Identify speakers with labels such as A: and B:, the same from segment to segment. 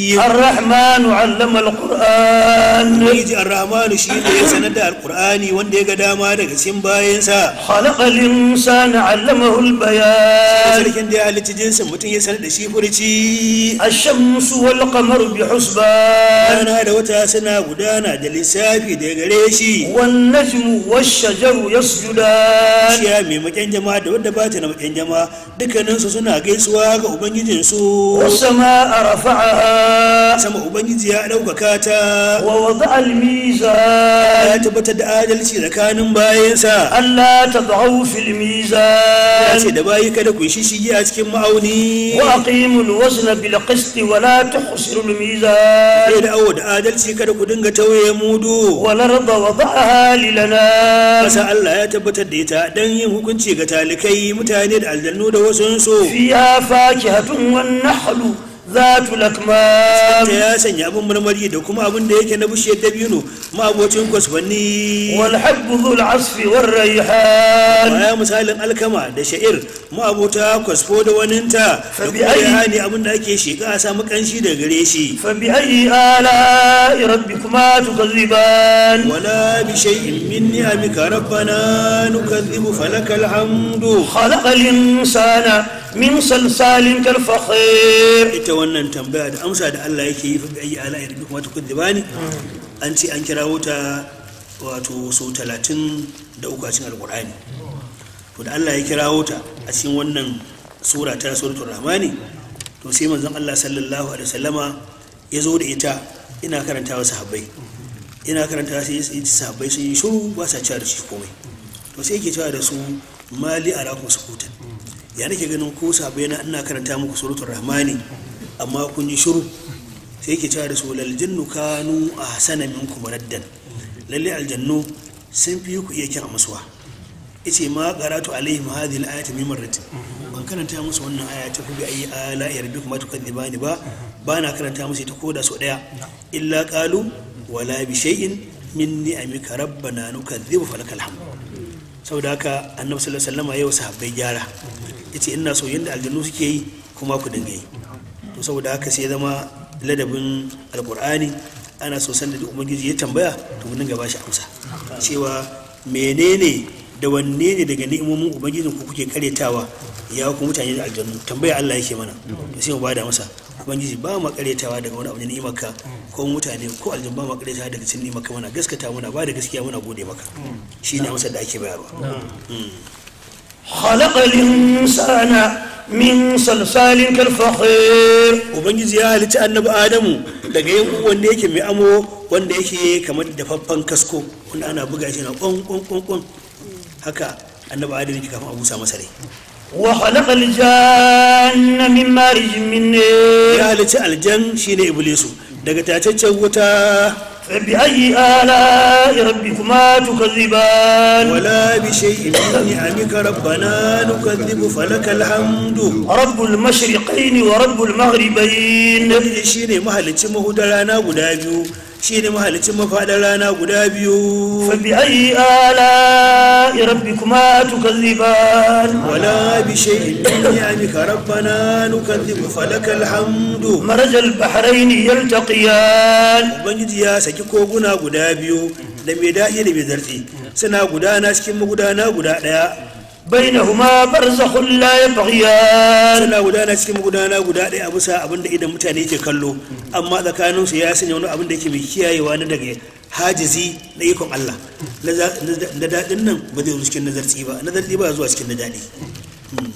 A: الحكيم الرحمن علم القرآن يجي الرحمن شي شيء يسند القرآن وندي قدام هذا سين باينسا خلق الإنسان علمه البيان سلكن دي على تجنس متن يسند شي فرشي الشمس والقمر بحسبان انا هذا وتاسنا ودانا دلسافي ده غريشي والنجم والشجر يسجدان يا مي مكن جما ده ودا باتنا مكن جما دكنن سو سنا غيسوا ga ubangijinsu والسماء رفعها sama ubangiji ya ɗaukaka ta wa wada almiza ya tabbatar da adalci tsakanin bayansa Allah ta za'au fil ya ce da bayi kada ku shi shige a cikin ma'auni wa aqimul wazna bil qist wa la tuhsirul miza sai da awo da adalci kada ku dinga tauye mudu wa larda wada'aha lilana kasa Allah ya tabbatar da ita dan yin hukunci ga talikai mutane da aljannu da wasu su fiya fakihatun wan nahlu za tu lakmam ya sanya abin marmari da kuma abin da yake na bishiyar dabino ma'abocin kwasfanni wal habbu dhul asfi war rayhan ya misalin alkama da sha'ir ma'abota kwasfo da waninta da kuma rayhani abin da ake sheka a samu kanshi da gare shi fa bi ayi ala rabbikuma tukazziban wala bi shay'in min ni'amika rabbana nukazzibu falakal hamdu khalaqal insana min salsalin kalfakhir ita wannan tambaya da amsa da Allah yake yi fi ayi ala'i da kuma ba kudibani an ce an kira wuta wato sau talatin da uku a cikin alkur'ani to da Allah ya kira wuta a cikin wannan sura ta suratul rahmani to sai manzon Allah sallallahu alaihi wasallama ya zo da ita ina karanta wa sahabbai ina karanta sai sahabbai sun yi shiru ba sa cewa da shi komai to sai yake cewa da su mali arakum sukutan ya nake ganin ko sabai na ina karanta muku surutun rahmani amma kun yi shiru sai ke cewa da su lal jinnu kanu min kuma raddan lalle aljannu sun fi ku iya kyan masuwa ice ma qaratu alaihim hadhihi alayati min rati ban karanta musu wannan aya ta a ayi ala yarbikum tukadhibani ba ba na karanta musu ita da su daya illa qalu wala bi shay'in min ni'amika rabbana nukadhibu falakal hamd saboda haka annabi sallallahu alaihi wasallam ya wasu habbai gyara yace ina so yanda aljannu suke yi kuma ku dinga yi to saboda haka sai zama ladabin alkur'ani ana so sanda da ubangiji ya tambaya to mun dinga bashi amsa cewa menene da wanne ne daga ni'imomin ubangijin ku kuke karetawa ya ku mutane da aljannu tambaya Allah yake mana to sai mu bada masa ubangiji ba mu karetawa daga wani abu da ni'imarka ko mutane ko aljannu ba mu karetawa daga cikin ni'imarka mana gaskata muna ba da gaskiya muna gode maka shine amsar da ake bayarwa hmm. خلق الإنسان min salsalin kalfakhir ubangiji ya halitta annabi adamu daga yin wanda yake mai amo wanda yake kamar dafaffen kasko wanda ana buga shi na kwan kwan kwan haka annabi adamu yake kafin a busa masa rai wa khalaqa aljanna min marijin min ya halitta aljan shine iblisu daga tacaccen wuta فبأي آلاء ربكما تكذبان ولا بشيء من نعمك ربنا نكذب فلك الحمد رب المشرقين ورب المغربين شيني مهلتي مهدرانا غدا بيو shi ne mahalicin mafaɗar rana guda biyu fabi ayi ala rabbi kuma tukazziban wala bi shay'in min ni'amika rabbana nukazzibu falakal hamdu marajal bahraini yaltaqiyan ubangiji ya saki koguna guda biyu da mai daɗi da mai zartsi suna gudana cikin magudana guda ɗaya bainahuma barzakhun la yabghiyan suna gudana cikin gudana guda ɗaya a bisa abinda idan mutane ke kallo amma tsakanin su ya sanya wani abin da yake mai kiyayewa na daga hajizi na ikon Allah na daɗin nan ba zai zo cikin nazarci ba nazarci ba zuwa cikin na daɗi ayi ala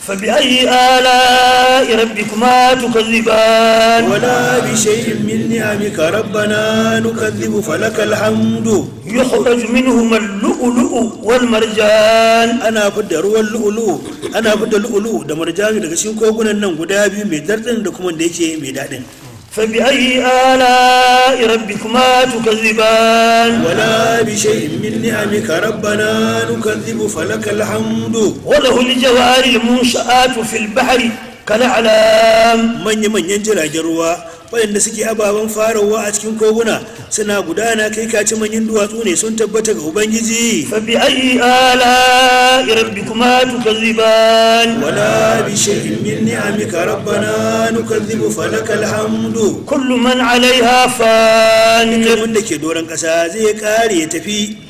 A: فبأي آلاء ربكما تكذبان ولا بشيء من نعمك ربنا نكذب فلك الحمد يخرج منهما lu'ulu'u wal marjan ana fidda ruwan lu'ulu'u ana da marjan daga cikin kogunan nan guda biyu mai dardin da kuma da yake mai dadin fa bi ayi ala rabbikuma tukazziban wala bi shay'in min ni'amika rabbana nukazzibu falaka alhamdu wa lahu aljawari al-munshaatu fil bahri kana alam manyan jiragen ruwa waɗanda suke ababen farawa a cikin koguna suna gudana kai kaci manyan duwatsu ne sun tabbata ga ubangiji fa bi ayi ala rabbikuma tukazziban wala bi shay'in min ni'amika rabbana nukazzibu falaka alhamdu kullu man alaiha fan kai wanda ke doron kasa zai kare ya tafi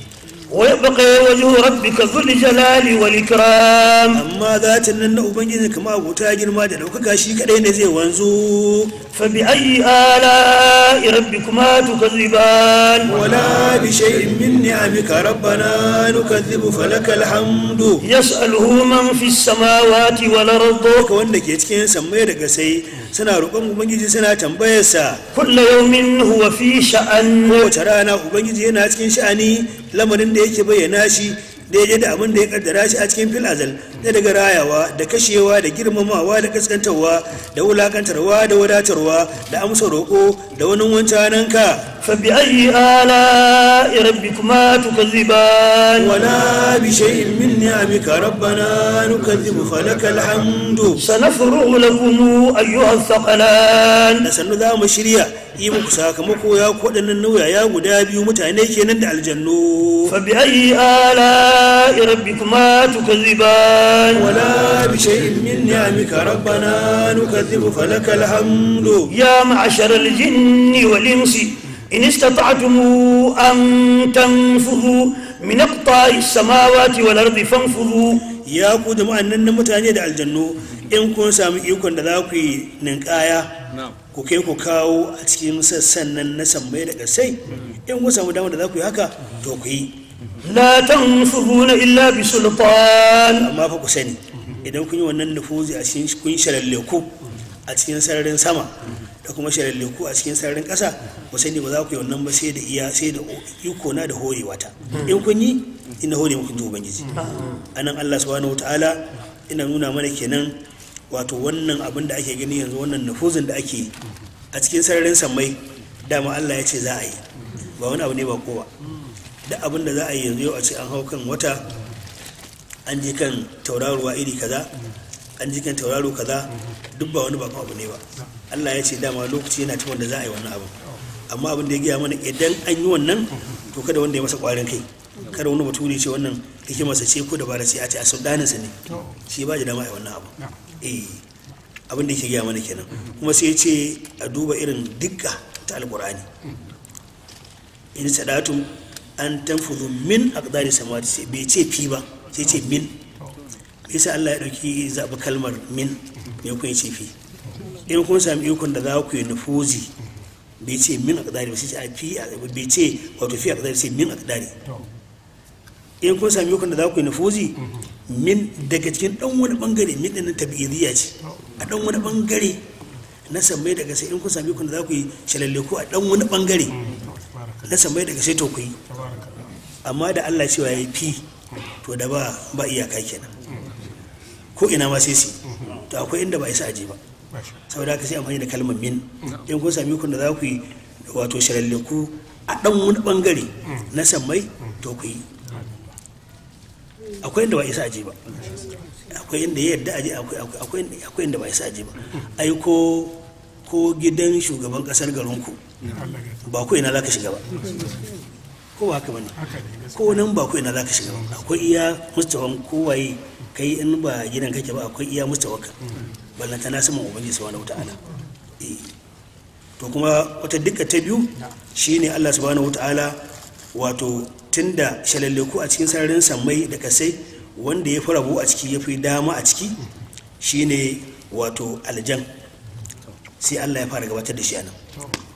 A: ويبقى وجه ربك ذو الجلال والإكرام أما ذات النن أبنجي كما أبوتا جنما دلوك كاشي كدين زي وانزو فبأي آلاء ربكما تكذبان ولا بشيء من نعمك ربنا نكذب فلك الحمد يسأله من في السماوات والأرض وانك يتكين سمير قسي suna roƙon ubangiji suna tambayarsa kullu yawmin huwa fi sha'an kowace rana ubangiji yana cikin sha'ani lamarin da yake bayyana shi yaje da abin da ya kaddara shi a cikin fil azal na daga rayawa da kashewa da girmamawa da kaskantarwa da wulakantarwa da wadatarwa da amsa roƙo da wani wancanan ka fabi ayi ala ya rabbi kuma tukazziban wala bi shay'in min ni'amika rabbana nukazzibu falaka alhamdu sanafru lakum ayyuha thaqalan da sannu za mu shirya yi muku sakamako ya nan nauya ya guda biyu mutane kenan da aljannu fabi ayi ala ya rabbi kuma ziba. ولا بشيء من نعمك ربنا نكذب فلك الحمد يا معشر الجن والإنس إن استطعتم أن تنفذوا من أقطاع السماوات والأرض فانفذوا يا قدم أننا متانية على الجنة إن كنت سامي يكون دلاكي ننكايا ku kai ku kawo a cikin sassan nan na sammai da ƙasai in kun samu damar da za ku yi haka to ku yi la tanfuruna illa bi sultan amma fa ku sani idan kun yi wannan nufuzi a cikin kun ku a cikin sararin sama da kuma ku a cikin sararin ƙasa ku sani ba za ku yi wannan ba sai da iya sai da iko na da horewa ta in kun yi ina hore muku ji ubangiji anan Allah subhanahu wataala ina nuna mana kenan wato wannan abin da ake gani yanzu wannan nufuzin da ake a cikin sararin sammai dama Allah ya ce za a yi ba wani abu ne ba kowa da abin da za a yi yanzu yau a ce an hau kan wata an ji kan tauraruwa iri kaza an ji kan tauraro kaza duk ba wani ba abu ne ba Allah ya ce dama lokaci yana cikin wanda za a yi wannan abu amma abin da ya gaya mana idan an yi wannan to kada wanda ya masa kwarin kai kada wani ne ce wannan hikimarsa ce ko dabara ce a ce a sudaninsa ne shi ba ji dama a yi wannan abu eh, abin da yake gaya mana kenan kuma sai ya ce a duba irin dukka ta alkur'ani in Sadatu. an tanfudu min a ƙadari samawati sai bai ce fi ba sai ce min yasa Allah ya ɗauki zaɓi kalmar min mai kun ce fi in kun sami ikon da za ku yi nufuzi bai ce min a ƙadari sai ce a fi bai ce wato fi ƙadari sai min a ƙadari in kun sami ikon da za ku yi nufuzi min daga cikin dan wani bangare min din tabi'idiyya ce a dan wani bangare na sammai daga sai in kun sami ikon da za ku yi shalalle ko a dan wani bangare na samai daga sai to ku yi amma da Allah cewa ya fi to da ba ba iyaka kenan ko ina ma sai si to akwai inda ba isa aji ba saboda haka sai amfani da kalmar min in kun sami kun da za ku yi wato shirallaku a dan wani bangare na sammai to ku yi akwai inda ba isa aji ba akwai inda ya yadda aji akwai inda ba isa aji ba ai ko ko gidan shugaban kasar garinku ba ku ina za ka shiga ba ko ba haka bane ko nan ba ko ina zaka shiga akwai iya mustawan kowaye kai in ba gidan kake ba akwai iya mustawaka ballanta na saman ubangiji subhanahu ta'ala eh. to kuma wata dukkan ta biyu shine Allah subhanahu wataala wato tunda ku a cikin sararin sammai da kasai wanda ya fi a ciki ya fi dama a ciki shine wato aljan sai Allah ya fara gabatar da shi anan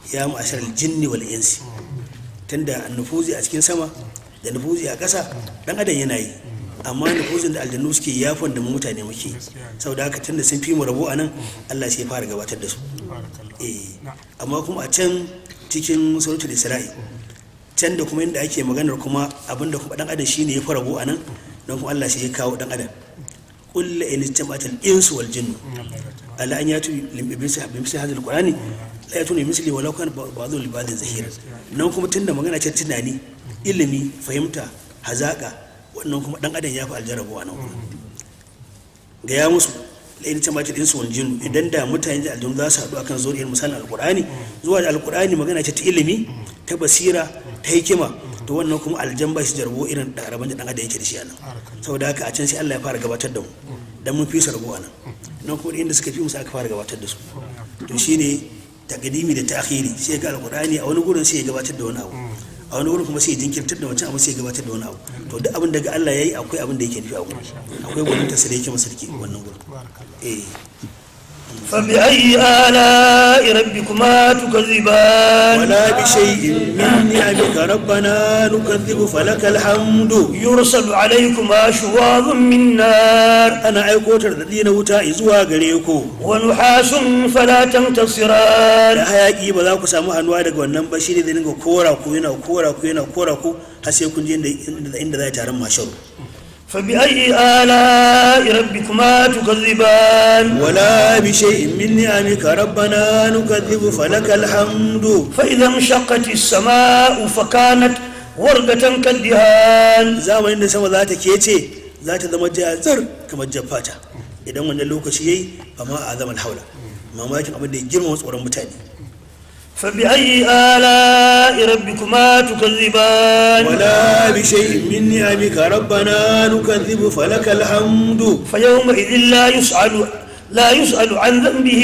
A: ya ma'ashar jinni wal insi tunda nufuzi a cikin sama da nufuzi a ƙasa dan adam yana yi amma nufuzin da aljanu suke yafon da mutane muke sau da haka tun da sun fi mu rabu a nan Allah sai ya fara gabatar da su eh, amma kuma a can cikin suratul isra'i can da kuma inda ake maganar kuma da kuma dan adam shine ya fara a nan don kuma Allah sai ya kawo dan adam qul in jama'atul insu wal jinnu ala an yatu lim iblis bi misli ne. la ya tuni misali walau kan ba'dhu li ba'dhin zahira nan kuma tunda magana ce tunani ilimi fahimta hazaka wannan kuma dan adam ya fi aljarabuwa nan ga ya musu lain ta mace din sun jinu idan da mutane da aljanu za su haɗu akan zuriyar misalin alqur'ani zuwa da alqur'ani magana ce ta ilimi ta basira ta hikima to wannan kuma aljan ba shi jarbo irin da araban da dan adam yake da shi anan saboda haka a can sai Allah ya fara gabatar da mu dan mun fi su rabuwa nan nan kuma inda suka fi musu aka fara gabatar da su to shine takadimi da ta'khiri sai ga alqur'ani a wani gurin sai ya gabatar da wani abu a wani wurin kuma sai jinkirtar da wancan abu sai gabatar da wani abu to duk abin daga Allah yayi akwai abin da yake nufi a gurin akwai gurin tasiri masarki wannan gurin eh فبأي آلاء ربكما تكذبان ولا بشيء من نعمك ربنا نكذب فلك الحمد يرسل عليكم أشواظ من نار أنا أيكوتر الذين وتا إزوا ونحاس فلا تنتصران هاكي بذاك سامو هنوا دغ wannan bashi ne zai dinga kora ku yana kora ku yana kora ku har sai kun je فبأي آلاء ربكما تكذبان ولا بشيء من نعمك ربنا نكذب فلك الحمد فإذا انشقت السماء فكانت وردة كالدهان إن نسمى ذات كيتي ذات ذمجة زر كما جفاتا إذا من اللوكس فما أعظم الحول ما ماجن أبدا يجرم وصورا فبأي آلاء ربكما تكذبان ولا بشيء من نعمك ربنا نكذب فلك الحمد فيومئذ لا يسأل لا يسأل عن ذنبه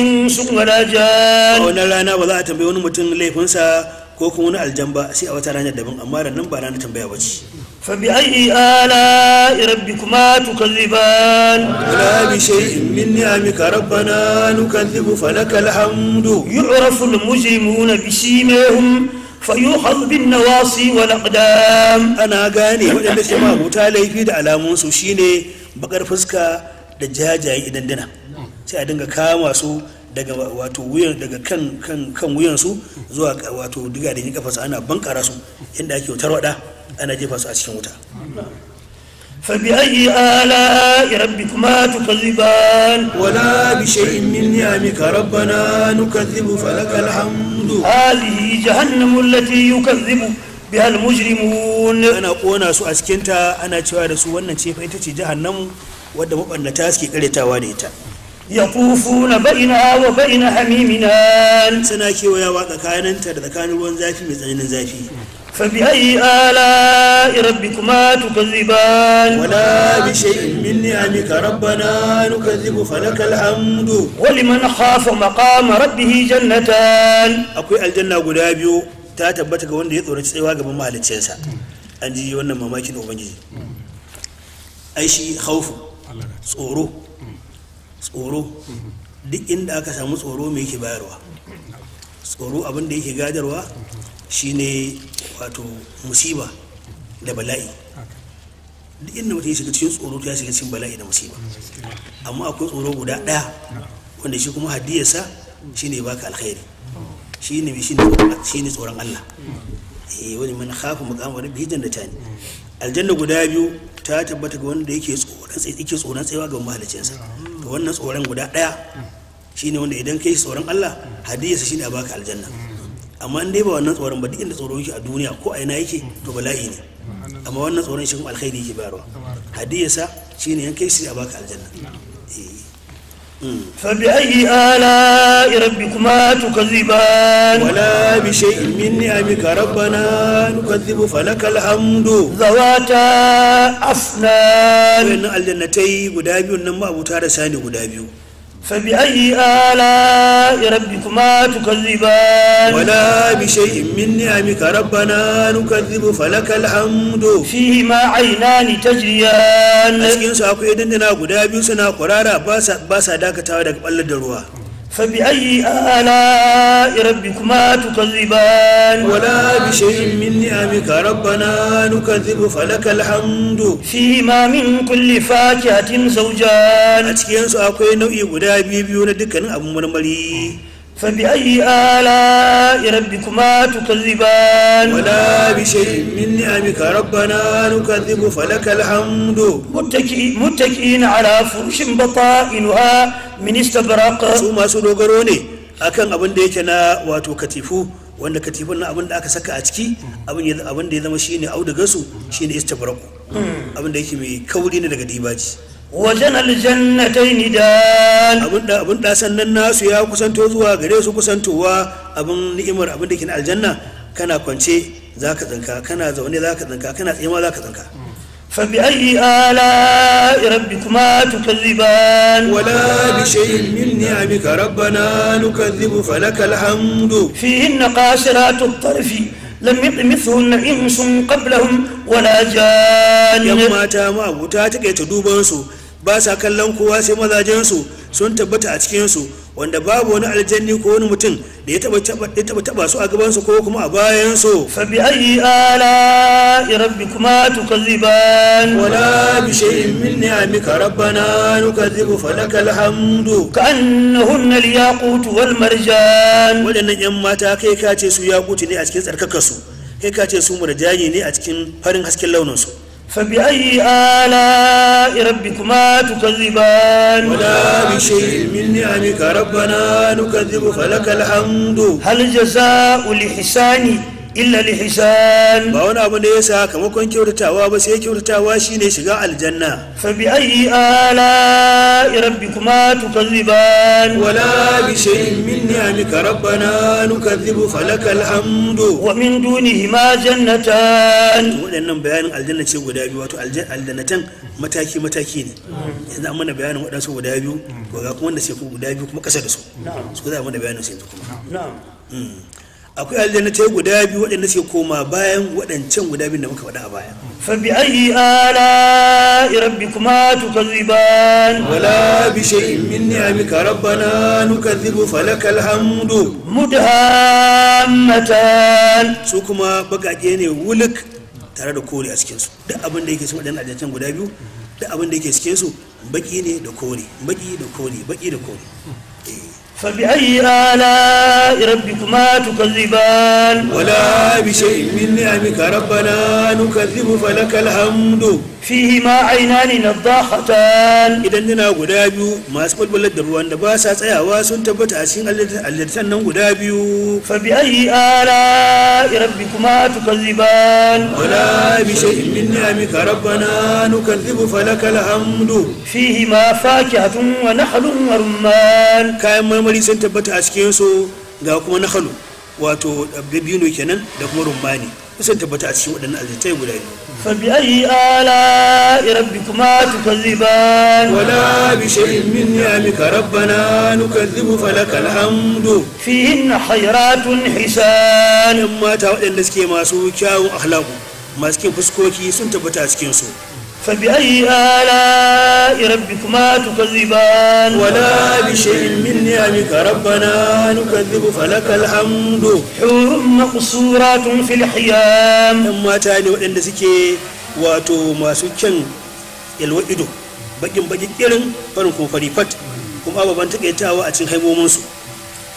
A: إنس ولا جان ولا لا أنا ولا تنبيه ونمتن ليفنسا ko kuma wani aljamba sai a wata ranar daban amma da nan ba ranar tambaya ba ce فبأي آلاء ربكما تكذبان ولا بشيء من نعمك ربنا نكذب فلك الحمد يعرف المجرمون بسيماهم فيوخذ بالنواصي والأقدام أنا غاني وإن الجماعة متالي في دعلامون سوشيني بقر فسكا دجاجة إذن دنا سيادنغ كام واسو daga wato wuyan daga kan kan kan wuyan su zuwa wato diga da ni kafa ana bankara su inda ake tarwada ana jefa su a cikin wuta fabi ayi ala rabbikuma tukazziban wala bi shay'in min ni'amika rabbana nukazzibu falakal hamdu hadhihi jahannamu allati yukazzibu biha almujrimun ana kona su a cikin ta ana cewa da su wannan ce fa ita ce jahannamu wadda mabannata suke karetawa da ita yaqufuna baina wa baina hamimina suna kewaya wa tsakaninta da tsakanin ruwan zafi mai tsananin zafi
B: فبأي
A: آلاء ربكما تكذبان ولا بشيء من نعمك ربنا نكذب فلك الحمد ولمن خاف مقام ربه جنتان أقوي الجنة قدابيو تاتبت قوان دي ثورة سيوا قبل ما هلت أنجي وانا ما ماكين وبنجي أي شيء خوف tsoro tsoro دي inda aka سامو tsoro ميكي باروا bayarwa أبن ديكي قادروا شيني wato musiba da bala'i duk inda mutum ya shiga cikin tsoro ya shiga cikin bala'i da musiba amma akwai tsoro guda ɗaya wanda shi kuma hadiyarsa ne baka alkhairi ne mai ne tsoron Allah eh wani man khafu maqama rabbihi ne. aljanna guda biyu ta tabbata ga wanda yake tsoron yake tsoron tsayawa ga mahaliccinsa to wannan tsoron guda ɗaya shine wanda idan kai tsoron Allah hadiyarsa shine a baka aljanna amma in dai ba wannan tsoron ba duk inda tsoron shi a duniya ko a ina yake to bala'i ne amma wannan tsoron shi kuma alkhairi yake bayarwa hadiyarsa shine yan kai shi a baka aljanna فبأي آلاء ربكما تكذبان ولا بشيء من نعمك ربنا نكذب فلك الحمد ذواتا أفنان وإن الجنتي قدابي ونما أبو تارساني قدابي فبأي آلاء ربكما تكذبان ولا بشيء من نعمك ربنا نكذب فلك الحمد فيهما عينان تجريان أسكن ساقو يدننا قدابي سنا قرارا باسا باسا داك تاودك بلد الروا فبأي آلاء ربكما تكذبان ولا بشيء من نعمك ربنا نكذب فلك الحمد فيما من كل فاكهة زوجان أتكين سأقوي نوئي قدا بيبيون دكان أبو منمالي فبأي آلاء ربكما تكذبان ولا بشيء من نعمك ربنا نكذب فلك الحمد متكئين على فرش بطائنها minista baraka su masu dogaro ne akan abin da yake na wato katifu wanda katifun na abin da aka saka a ciki abin da ya zama shi ne shi ne shine istabraku hmm. abin da yake mai kauri ne daga dibaji wajen aljannatai ni da abin da sannan nasu ya kusanto zuwa gare su kusantowa abin ni'imar abin da ke na aljanna kana kwance za ka tsanka, kana zaune za ka tsanka, kana tsima za ka tsanka. فبأي آلاء ربكما تكذبان ولا بشيء من نعمك ربنا نكذب فلك الحمد فيهن قاصرات الطرف لم يطمثهن إنس قبلهم ولا جان يما تاما بوتا تكي تدوبانسو باسا كلام كواسي جانسو سنتبت أتكينسو wanda babu wani aljanni ko wani mutum da ya taba taba su a gabansu ko kuma a su. fa bi ayi ala rabbikuma tukazziban wala bi shay'in min ni'amika rabbana nukazzibu falakal hamdu ka annahunna al-yaqut wal marjan wadannan yan mata kai ka ce su yaqut ne a cikin tsarkakar su kai ka ce su murjani ne a cikin farin hasken launin su فبأي آلاء ربكما تكذبان ولا بشيء من نعمك ربنا نكذب فلك الحمد هل جزاء لحساني illa lihisan ba wani abu da ya kamakon kyautatawa ba sai kyautatawa shine shiga aljanna fa bi ayi ala rabbikuma tukazziban wala bi shay'in min ni'amika rabbana nukazzibu falakal hamdu wa min ma jannatan wadannan bayanin aljanna ce guda biyu wato aljannatan mataki mataki ne yanzu an mana bayanin wadansu guda biyu ga kuma wanda sai ku guda biyu kuma kasa da su su za mana bayanin sai kuma na'am hmm. akwai aljannatai guda biyu waɗanda suke koma bayan waɗancan guda biyu da muka faɗa a baya fabi ayi ala rabbi kuma tukazziban wala bi shay'in min ni'amika rabbana nukazzibu falakal hamdu mudhammatan su kuma bakaje ne wuluk tare da kore a cikin su duk abin da yake cikin waɗannan aljannatai guda biyu duk abin da yake cikin su ne da kore baki da kore baki da kore فبأي آلاء ربكما تكذبان ولا بشيء من نعمك ربنا نكذب فلك الحمد fihi ma ainani nadhahatan idan nuna guda biyu masu bulbular da ruwan da ba sa tsayawa sun tabbata a cikin allatan nan guda biyu fa bi ayi ala rabbikuma tukazziban wala bi shay'in min ni'amika rabbana nukazzibu falakal hamdu fihi ma fakihatun wa nahlun wa rumman kayan marmari sun tabbata a cikin su ga kuma nahlu wato dabino kenan da kuma rumbani sai tabbata a cikin waɗannan azzitai guda biyu Fabi bi ayi ala rabbikuma ba. wala bi shay'in min ni'amika rabbana nukazzibu falakal hamdu fihinna khayratun hisan mata waɗanda suke masu kyawun ahlaku, masu kin fuskoki sun tabbata a cikin su فبأي آلاء ربكما تكذبان ولا بشيء من نعمك ربنا نكذب فلك الحمد حور مقصورات في الحيام أما تاني وإن سكي واتو ما سكن يلوئدو بجن بجن يلن فرنكم فريفت كم أبا بنتك يتاوى أتن خيمو منسو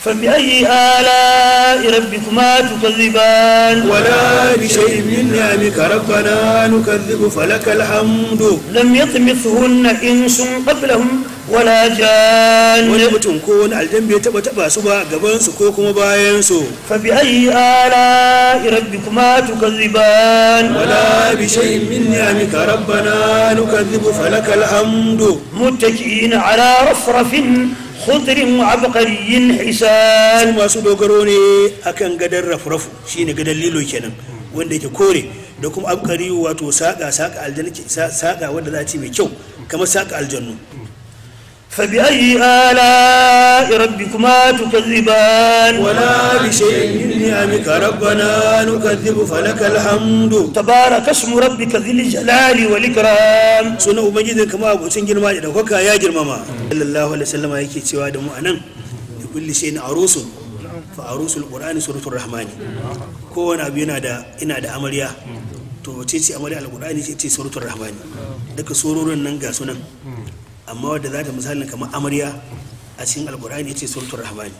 A: فبأي آلاء ربكما تكذبان ولا بشيء من نعمك ربنا نكذب فلك الحمد لم يطمثهن إنس قبلهم ولا جان ولم كون على جنب يتبع تبع سبع قبل سكوكم باينسو فبأي آلاء ربكما تكذبان ولا بشيء من نعمك ربنا نكذب فلك الحمد متكئين على رفرف khudrin abqariyin hisal masu dogaro ne a kan gadar rafrafu shine gadar lilo kenan wanda yake kore da kuma abqari wato saka saka wanda za mai kyau kama saka aljannu فبأي آلاء ربكما تكذبان ولا بشيء من نعمك ربنا نكذب فلك الحمد تبارك اسم ربك ذي الجلال والإكرام سنة أبنجد كما أبو سنجل ما جدا وكا يا جرمما صلى الله عليه وسلم يكي سوى دمو أنا لكل شيء عروس فعروس القرآن سورة الرحمن كون أبينا دا إنا دا أمليا to ce ce amarya alƙur'ani ce ce suratul rahmani daga sororin nan ga sunan amma wadda za ta misalin kamar amarya a cikin alkur'ani ya ce suratul rahmani